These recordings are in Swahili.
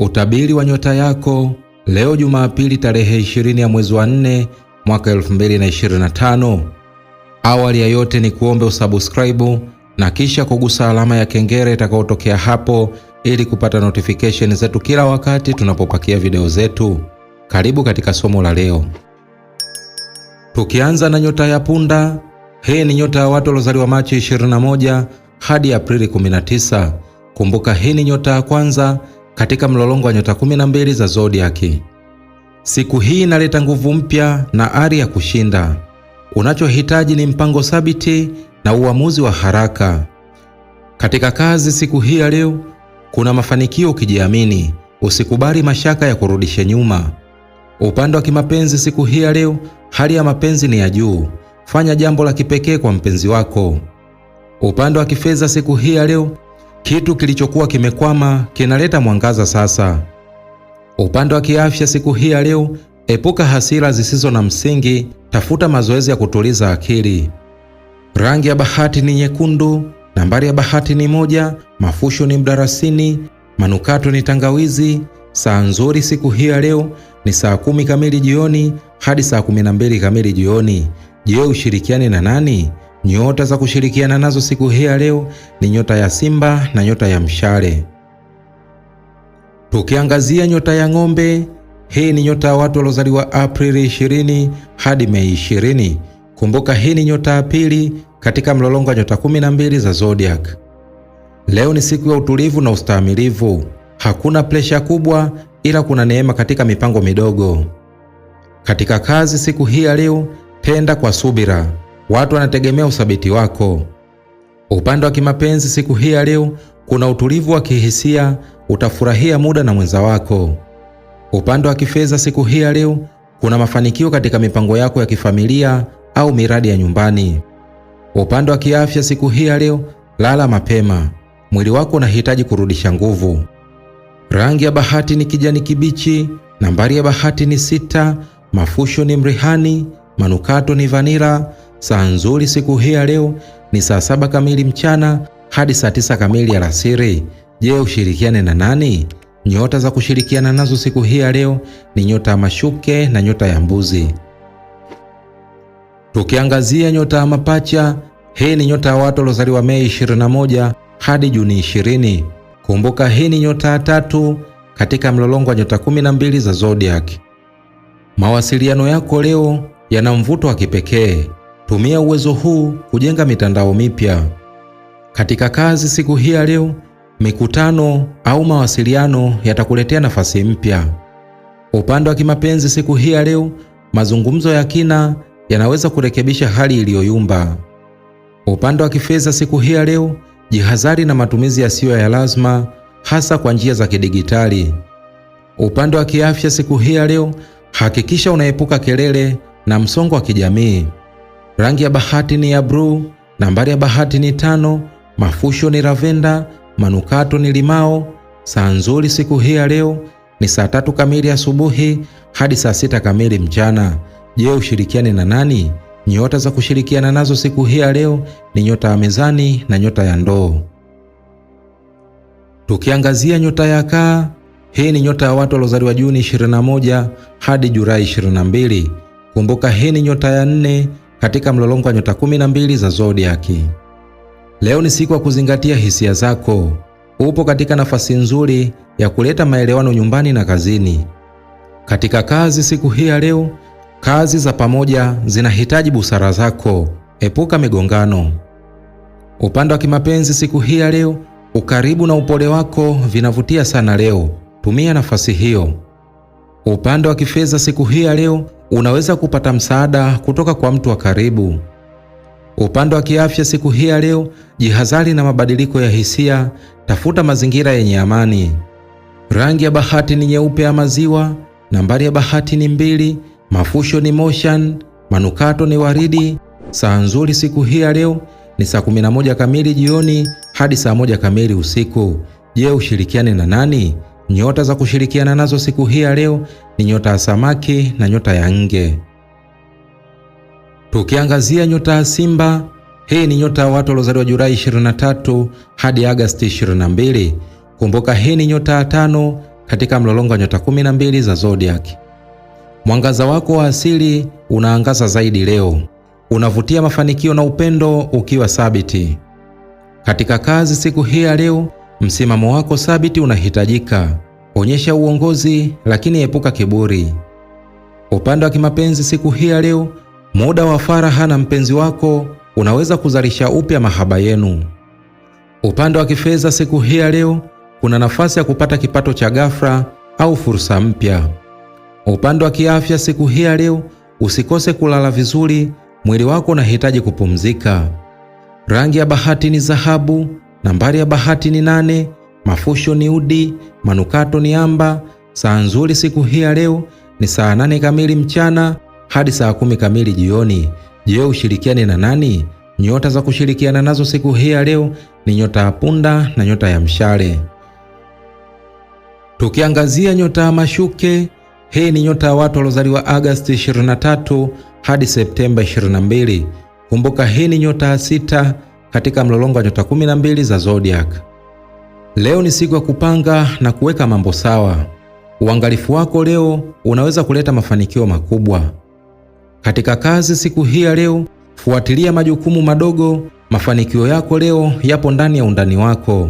Utabiri wa nyota yako leo Jumapili tarehe 20 ya mwezi wa 4 mwaka 2025. Awali ya yote ni kuombe usubscribe na kisha kugusa alama ya kengele itakayotokea hapo ili kupata notification zetu kila wakati tunapopakia video zetu. Karibu katika somo la leo. Tukianza na nyota ya punda, hii ni nyota ya watu waliozaliwa Machi 21 hadi Aprili 19. Kumbuka hii ni nyota ya kwanza katika mlolongo wa nyota 12 za zodiaki. Siku hii inaleta nguvu mpya na ari ya kushinda. Unachohitaji ni mpango thabiti na uamuzi wa haraka. Katika kazi siku hii ya leo, kuna mafanikio ukijiamini. Usikubali mashaka ya kurudisha nyuma. Upande wa kimapenzi siku hii ya leo, hali ya mapenzi ni ya juu. Fanya jambo la kipekee kwa mpenzi wako. Upande wa kifedha siku hii ya leo, kitu kilichokuwa kimekwama kinaleta mwangaza sasa. Upande wa kiafya siku hii ya leo, epuka hasira zisizo na msingi, tafuta mazoezi ya kutuliza akili. Rangi ya bahati ni nyekundu, nambari ya bahati ni moja, mafusho ni mdarasini, manukato ni tangawizi. Saa nzuri siku hii ya leo ni saa kumi kamili jioni hadi saa kumi na mbili kamili jioni. Je, ushirikiane na nani? Nyota za kushirikiana nazo siku hii ya leo ni nyota ya Simba na nyota ya Mshale. Tukiangazia nyota ya Ng'ombe, hii ni nyota ya watu waliozaliwa Aprili 20 hadi Mei 20. Kumbuka hii ni nyota ya pili katika mlolongo wa nyota 12 za zodiac. Leo ni siku ya utulivu na ustahimilivu. Hakuna presha kubwa, ila kuna neema katika mipango midogo. Katika kazi siku hii ya leo, tenda kwa subira watu wanategemea uthabiti wako. Upande wa kimapenzi siku hii ya leo kuna utulivu wa kihisia, utafurahia muda na mwenza wako. Upande wa kifedha siku hii ya leo kuna mafanikio katika mipango yako ya kifamilia au miradi ya nyumbani. Upande wa kiafya siku hii ya leo, lala mapema, mwili wako unahitaji kurudisha nguvu. Rangi ya bahati ni kijani kibichi. Nambari ya bahati ni sita. Mafusho ni mrihani. Manukato ni vanila. Saa nzuri siku hii ya leo ni saa saba kamili mchana hadi saa tisa kamili alasiri. Je, ushirikiane na nani? Nyota za kushirikiana nazo siku hii ya leo ni nyota ya mashuke na nyota ya mbuzi. Tukiangazia nyota ya mapacha, hii ni nyota ya watu waliozaliwa Mei 21 hadi Juni 20. Kumbuka hii ni nyota ya tatu katika mlolongo wa nyota 12 za zodiac. Mawasiliano yako leo yana mvuto wa kipekee. Tumia uwezo huu kujenga mitandao mipya katika kazi. Siku hii ya leo, mikutano au mawasiliano yatakuletea nafasi mpya. Upande wa kimapenzi, siku hii ya leo, mazungumzo ya kina yanaweza kurekebisha hali iliyoyumba. Upande wa kifedha, siku hii ya leo, jihadhari na matumizi yasiyo ya lazima, hasa kwa njia za kidigitali. Upande wa kiafya, siku hii ya leo, hakikisha unaepuka kelele na msongo wa kijamii. Rangi ya bahati ni ya bluu, nambari ya bahati ni tano, mafusho ni lavenda, manukato ni limao. Saa nzuri siku hii ya leo ni saa tatu kamili asubuhi hadi saa sita kamili mchana. Je, ushirikiane na nani? Nyota za kushirikiana nazo siku hii ya leo ni nyota ya mezani na nyota ya ndoo. Tukiangazia nyota ya kaa, hii ni nyota ya watu waliozaliwa Juni 21 hadi Julai 22. Kumbuka hii ni nyota ya nne katika mlolongo wa nyota 12 za zodiaki. Leo ni siku ya kuzingatia hisia zako. Upo katika nafasi nzuri ya kuleta maelewano nyumbani na kazini. Katika kazi siku hii ya leo, kazi za pamoja zinahitaji busara zako. Epuka migongano. Upande wa kimapenzi siku hii ya leo, ukaribu na upole wako vinavutia sana leo. Tumia nafasi hiyo. Upande wa kifedha siku hii ya leo, unaweza kupata msaada kutoka kwa mtu wa karibu. Upande wa kiafya siku hii ya leo, jihadhari na mabadiliko ya hisia, tafuta mazingira yenye amani. Rangi ya bahati ni nyeupe ya maziwa, nambari ya bahati ni mbili, mafusho ni motion, manukato ni waridi. Saa nzuri siku hii ya leo ni saa 11 kamili jioni hadi saa moja kamili usiku. Je, ushirikiane na nani? Nyota za kushirikiana nazo siku hii ya leo ni nyota ya samaki na nyota ya nge. Tukiangazia nyota ya Simba, hii ni nyota ya watu waliozaliwa Julai 23 hadi Agasti 22. Kumbuka, hii ni nyota ya tano katika mlolongo wa nyota 12 za zodiac. Mwangaza wako wa asili unaangaza zaidi leo, unavutia mafanikio na upendo ukiwa sabiti katika kazi. Siku hii ya leo, msimamo wako sabiti unahitajika onyesha uongozi lakini epuka kiburi. Upande wa kimapenzi siku hii ya leo, muda wa faraha na mpenzi wako unaweza kuzalisha upya mahaba yenu. Upande wa kifedha siku hii ya leo, kuna nafasi ya kupata kipato cha ghafla au fursa mpya. Upande wa kiafya siku hii ya leo, usikose kulala vizuri, mwili wako unahitaji kupumzika. Rangi ya bahati ni dhahabu, nambari ya bahati ni nane, mafusho ni udi, manukato ni amba. Saa nzuri siku hii ya leo ni saa nane kamili mchana hadi saa kumi kamili jioni. Je, ushirikiane na nani? Nyota za kushirikiana nazo siku hii ya leo ni nyota ya punda na nyota ya mshale. Tukiangazia nyota ya mashuke, hii ni nyota ya watu waliozaliwa Agosti 23 hadi Septemba 22. Kumbuka, hii ni nyota ya sita katika mlolongo wa nyota 12 za zodiac. Leo ni siku ya kupanga na kuweka mambo sawa. Uangalifu wako leo unaweza kuleta mafanikio makubwa katika kazi. Siku hii ya leo, fuatilia majukumu madogo. Mafanikio yako leo yapo ndani ya undani wako.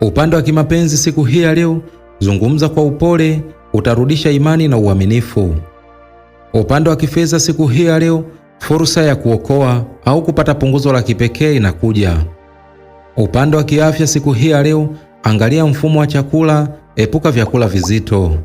Upande wa kimapenzi, siku hii ya leo, zungumza kwa upole, utarudisha imani na uaminifu. Upande wa kifedha, siku hii ya leo, fursa ya kuokoa au kupata punguzo la kipekee inakuja. Upande wa kiafya siku hii ya leo, angalia mfumo wa chakula, epuka vyakula vizito.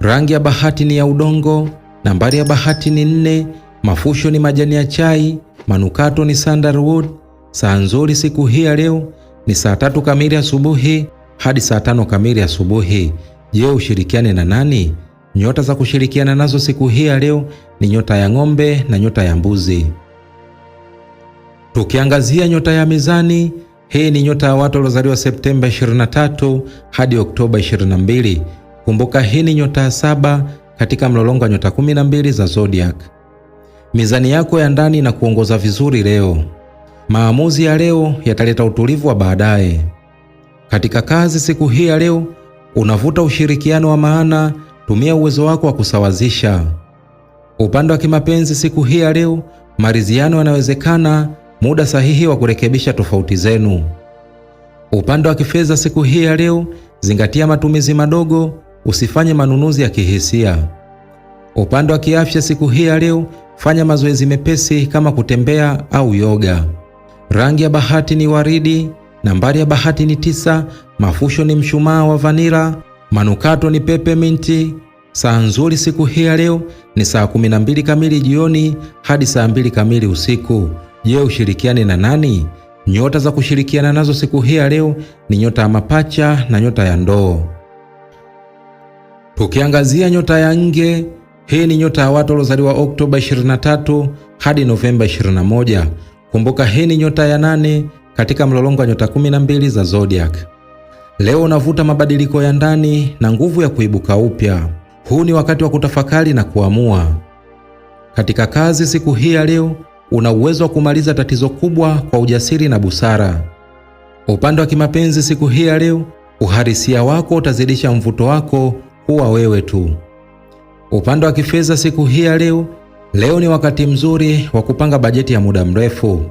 Rangi ya bahati ni ya udongo. Nambari ya bahati ni nne. Mafusho ni majani ya chai. Manukato ni sandalwood. Saa nzuri siku hii ya leo ni saa tatu kamili asubuhi hadi saa tano kamili asubuhi. Je, ushirikiane na nani? Nyota za kushirikiana nazo siku hii ya leo ni nyota ya ng'ombe na nyota ya mbuzi. Tukiangazia nyota ya mizani hii ni nyota ya watu waliozaliwa Septemba 23 hadi Oktoba 22. Kumbuka hii ni nyota ya saba katika mlolongo wa nyota 12 za zodiac. Mizani yako ya ndani na kuongoza vizuri leo. Maamuzi ya leo yataleta utulivu wa baadaye. Katika kazi siku hii ya leo, unavuta ushirikiano wa maana. Tumia uwezo wako wa kusawazisha. Upande wa kimapenzi siku hii ya leo, maridhiano yanawezekana muda sahihi wa kurekebisha tofauti zenu. Upande wa kifedha siku hii ya leo, zingatia matumizi madogo, usifanye manunuzi ya kihisia. Upande wa kiafya siku hii ya leo, fanya mazoezi mepesi kama kutembea au yoga. Rangi ya bahati ni waridi. Nambari ya bahati ni tisa. Mafusho ni mshumaa wa vanila. Manukato ni pepe minti. Saa nzuri siku hii ya leo ni saa 12 kamili jioni hadi saa 2 kamili usiku. Je, ushirikiane na nani? Nyota za kushirikiana nazo siku hii ya leo ni nyota ya mapacha na nyota ya ndoo. Tukiangazia nyota ya nge, hii ni nyota ya watu waliozaliwa Oktoba 23 hadi Novemba 21. Kumbuka hii ni nyota ya nane katika mlolongo wa nyota 12 za zodiac. Leo unavuta mabadiliko ya ndani na nguvu ya kuibuka upya. Huu ni wakati wa kutafakari na kuamua. Katika kazi siku hii ya leo una uwezo wa kumaliza tatizo kubwa kwa ujasiri na busara. Upande wa kimapenzi siku hii ya leo, uhalisia wako utazidisha mvuto wako kuwa wewe tu. Upande wa kifedha siku hii ya leo, leo ni wakati mzuri wa kupanga bajeti ya muda mrefu.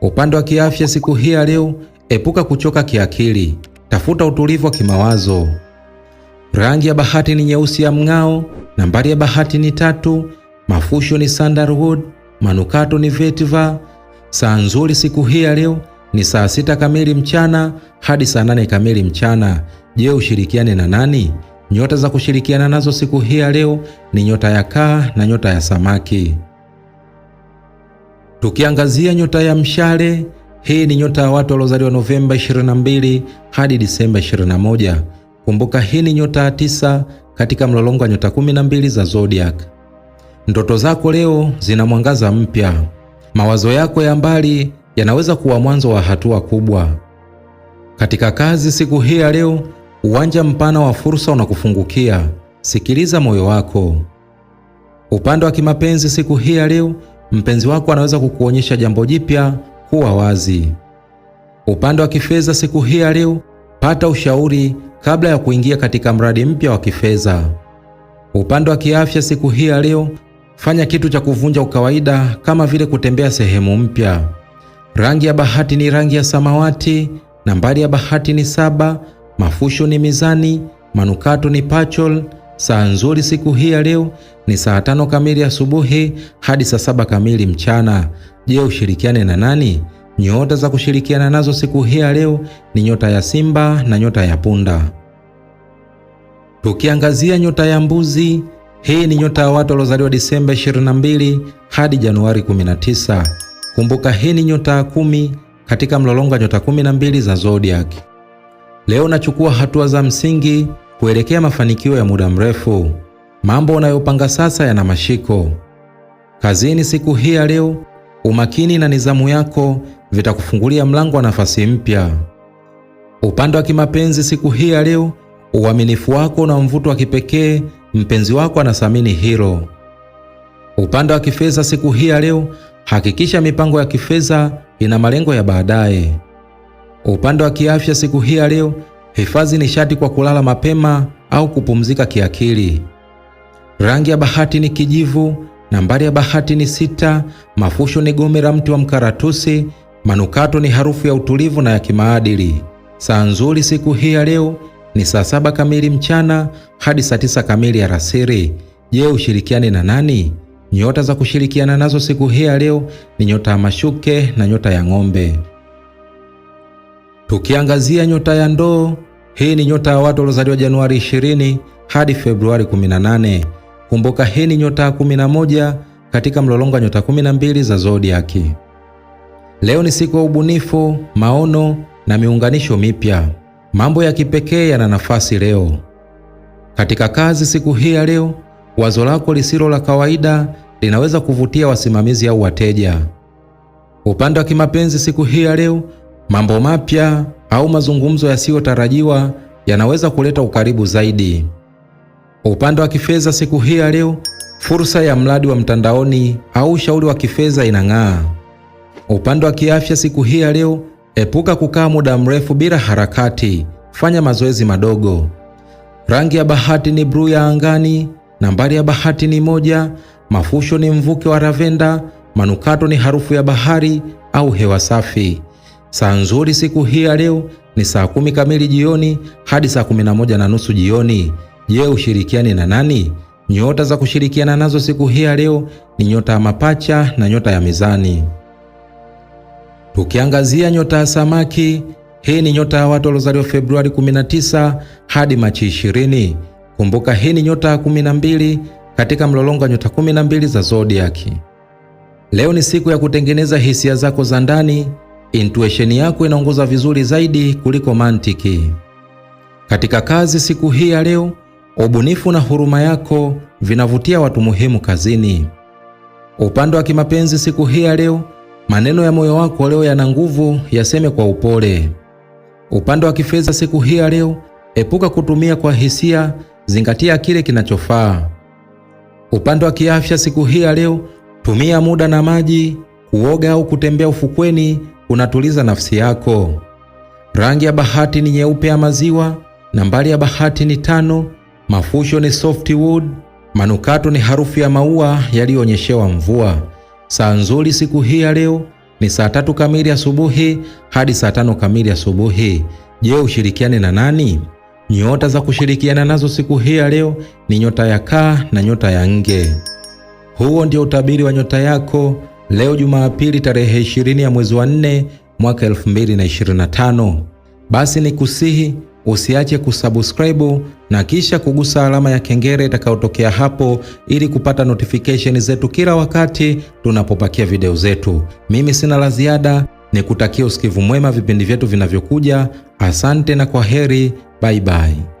Upande wa kiafya siku hii ya leo, epuka kuchoka kiakili, tafuta utulivu wa kimawazo. Rangi ya bahati ni nyeusi ya mng'ao. Nambari ya bahati ni tatu. Mafusho ni sandalwood. Manukato ni vetiva. saa nzuri. Siku hii ya leo ni saa sita kamili mchana hadi saa nane kamili mchana. Je, ushirikiane na nani? Nyota za kushirikiana nazo siku hii ya leo ni nyota ya kaa na nyota ya samaki. Tukiangazia nyota ya mshale, hii ni nyota ya watu waliozaliwa Novemba 22 hadi Disemba 21. Kumbuka hii ni nyota ya tisa katika mlolongo wa nyota 12 za zodiac. Ndoto zako leo zina mwangaza mpya. Mawazo yako ya mbali yanaweza kuwa mwanzo wa hatua kubwa. Katika kazi siku hii ya leo, uwanja mpana wa fursa unakufungukia. Sikiliza moyo wako. Upande wa kimapenzi siku hii ya leo, mpenzi wako anaweza kukuonyesha jambo jipya, kuwa wazi. Upande wa kifedha siku hii ya leo, pata ushauri kabla ya kuingia katika mradi mpya wa kifedha. Upande wa kiafya siku hii ya leo, Fanya kitu cha kuvunja ukawaida kama vile kutembea sehemu mpya. Rangi ya bahati ni rangi ya samawati. Nambari ya bahati ni saba. Mafusho ni mizani. Manukato ni pachol. Saa nzuri siku hii ya leo ni saa tano kamili asubuhi hadi saa saba kamili mchana. Je, ushirikiane na nani? Nyota za kushirikiana nazo siku hii ya leo ni nyota ya Simba na nyota ya Punda. Tukiangazia nyota ya Mbuzi, hii ni nyota ya watu waliozaliwa Disemba 22 hadi Januari 19. Kumbuka hii ni nyota ya kumi katika mlolongo wa nyota 12 za zodiac. Leo unachukua hatua za msingi kuelekea mafanikio ya muda mrefu. Mambo unayopanga sasa yana mashiko. Kazini siku hii ya leo, umakini na nidhamu yako vitakufungulia mlango wa nafasi mpya. Upande wa kimapenzi siku hii ya leo, uaminifu wako na mvuto wa kipekee mpenzi wako anathamini hilo. Upande wa kifedha siku hii ya leo, hakikisha mipango ya kifedha ina malengo ya baadaye. Upande wa kiafya siku hii ya leo, hifadhi nishati kwa kulala mapema au kupumzika kiakili. Rangi ya bahati ni kijivu. Nambari ya bahati ni sita. Mafusho ni gome la mti wa mkaratusi. Manukato ni harufu ya utulivu na ya kimaadili. Saa nzuri siku hii ya leo ni saa saba kamili mchana hadi saa tisa kamili ya alasiri. Je, ushirikiane na nani? Nyota za kushirikiana nazo siku hii ya leo ni nyota ya mashuke na nyota ya ng'ombe. Tukiangazia nyota ya ndoo, hii ni nyota ya watu waliozaliwa Januari 20 hadi Februari 18. Kumbuka hii ni nyota ya 11 katika mlolongo wa nyota 12 za zodiaki. Leo ni siku ya ubunifu, maono na miunganisho mipya. Mambo ya kipekee yana nafasi leo katika kazi. Siku hii ya leo, wazo lako lisilo la kawaida linaweza kuvutia wasimamizi au wateja. Upande wa kimapenzi, siku hii ya leo, mambo mapya au mazungumzo yasiyotarajiwa yanaweza kuleta ukaribu zaidi. Upande wa kifedha, siku hii ya leo, fursa ya mradi wa mtandaoni au ushauri wa kifedha inang'aa. Upande wa kiafya, siku hii ya leo Epuka kukaa muda mrefu bila harakati, fanya mazoezi madogo. Rangi ya bahati ni bluu ya angani. Nambari ya bahati ni moja. Mafusho ni mvuke wa ravenda. Manukato ni harufu ya bahari au hewa safi. Saa nzuri siku hii ya leo ni saa kumi kamili jioni hadi saa kumi na moja na nusu jioni. Je, ushirikiane na nani? Nyota za kushirikiana nazo siku hii ya leo ni nyota ya mapacha na nyota ya mizani. Tukiangazia nyota ya samaki, hii ni nyota ya watu waliozaliwa Februari 19 hadi Machi 20. Kumbuka hii ni nyota ya 12 katika mlolongo wa nyota 12 za zodiaki. Leo ni siku ya kutengeneza hisia zako za ndani. Intuition yako inaongoza vizuri zaidi kuliko mantiki. Katika kazi siku hii ya leo, ubunifu na huruma yako vinavutia watu muhimu kazini. Upande wa kimapenzi siku hii ya leo, maneno ya moyo wako leo yana nguvu, yaseme kwa upole. Upande wa kifedha siku hii ya leo, epuka kutumia kwa hisia, zingatia kile kinachofaa. Upande wa kiafya siku hii ya leo, tumia muda na maji, kuoga au kutembea ufukweni unatuliza nafsi yako. Rangi ya bahati ni nyeupe ya maziwa, nambari ya bahati ni tano, mafusho ni soft wood manukato ni harufu ya maua yaliyoonyeshewa mvua. Saa nzuri siku hii ya leo ni saa tatu kamili asubuhi hadi saa tano kamili asubuhi. Je, ushirikiane na nani? Nyota za kushirikiana nazo siku hii ya leo ni nyota ya kaa na nyota ya nge. Huo ndio utabiri wa nyota yako leo Jumapili tarehe 20 ya mwezi wa 4 mwaka 2025. Basi ni kusihi usiache kusubscribe na kisha kugusa alama ya kengele itakayotokea hapo ili kupata notification zetu kila wakati tunapopakia video zetu. Mimi sina la ziada, ni kutakia usikivu mwema vipindi vyetu vinavyokuja. Asante na kwa heri, bye bye.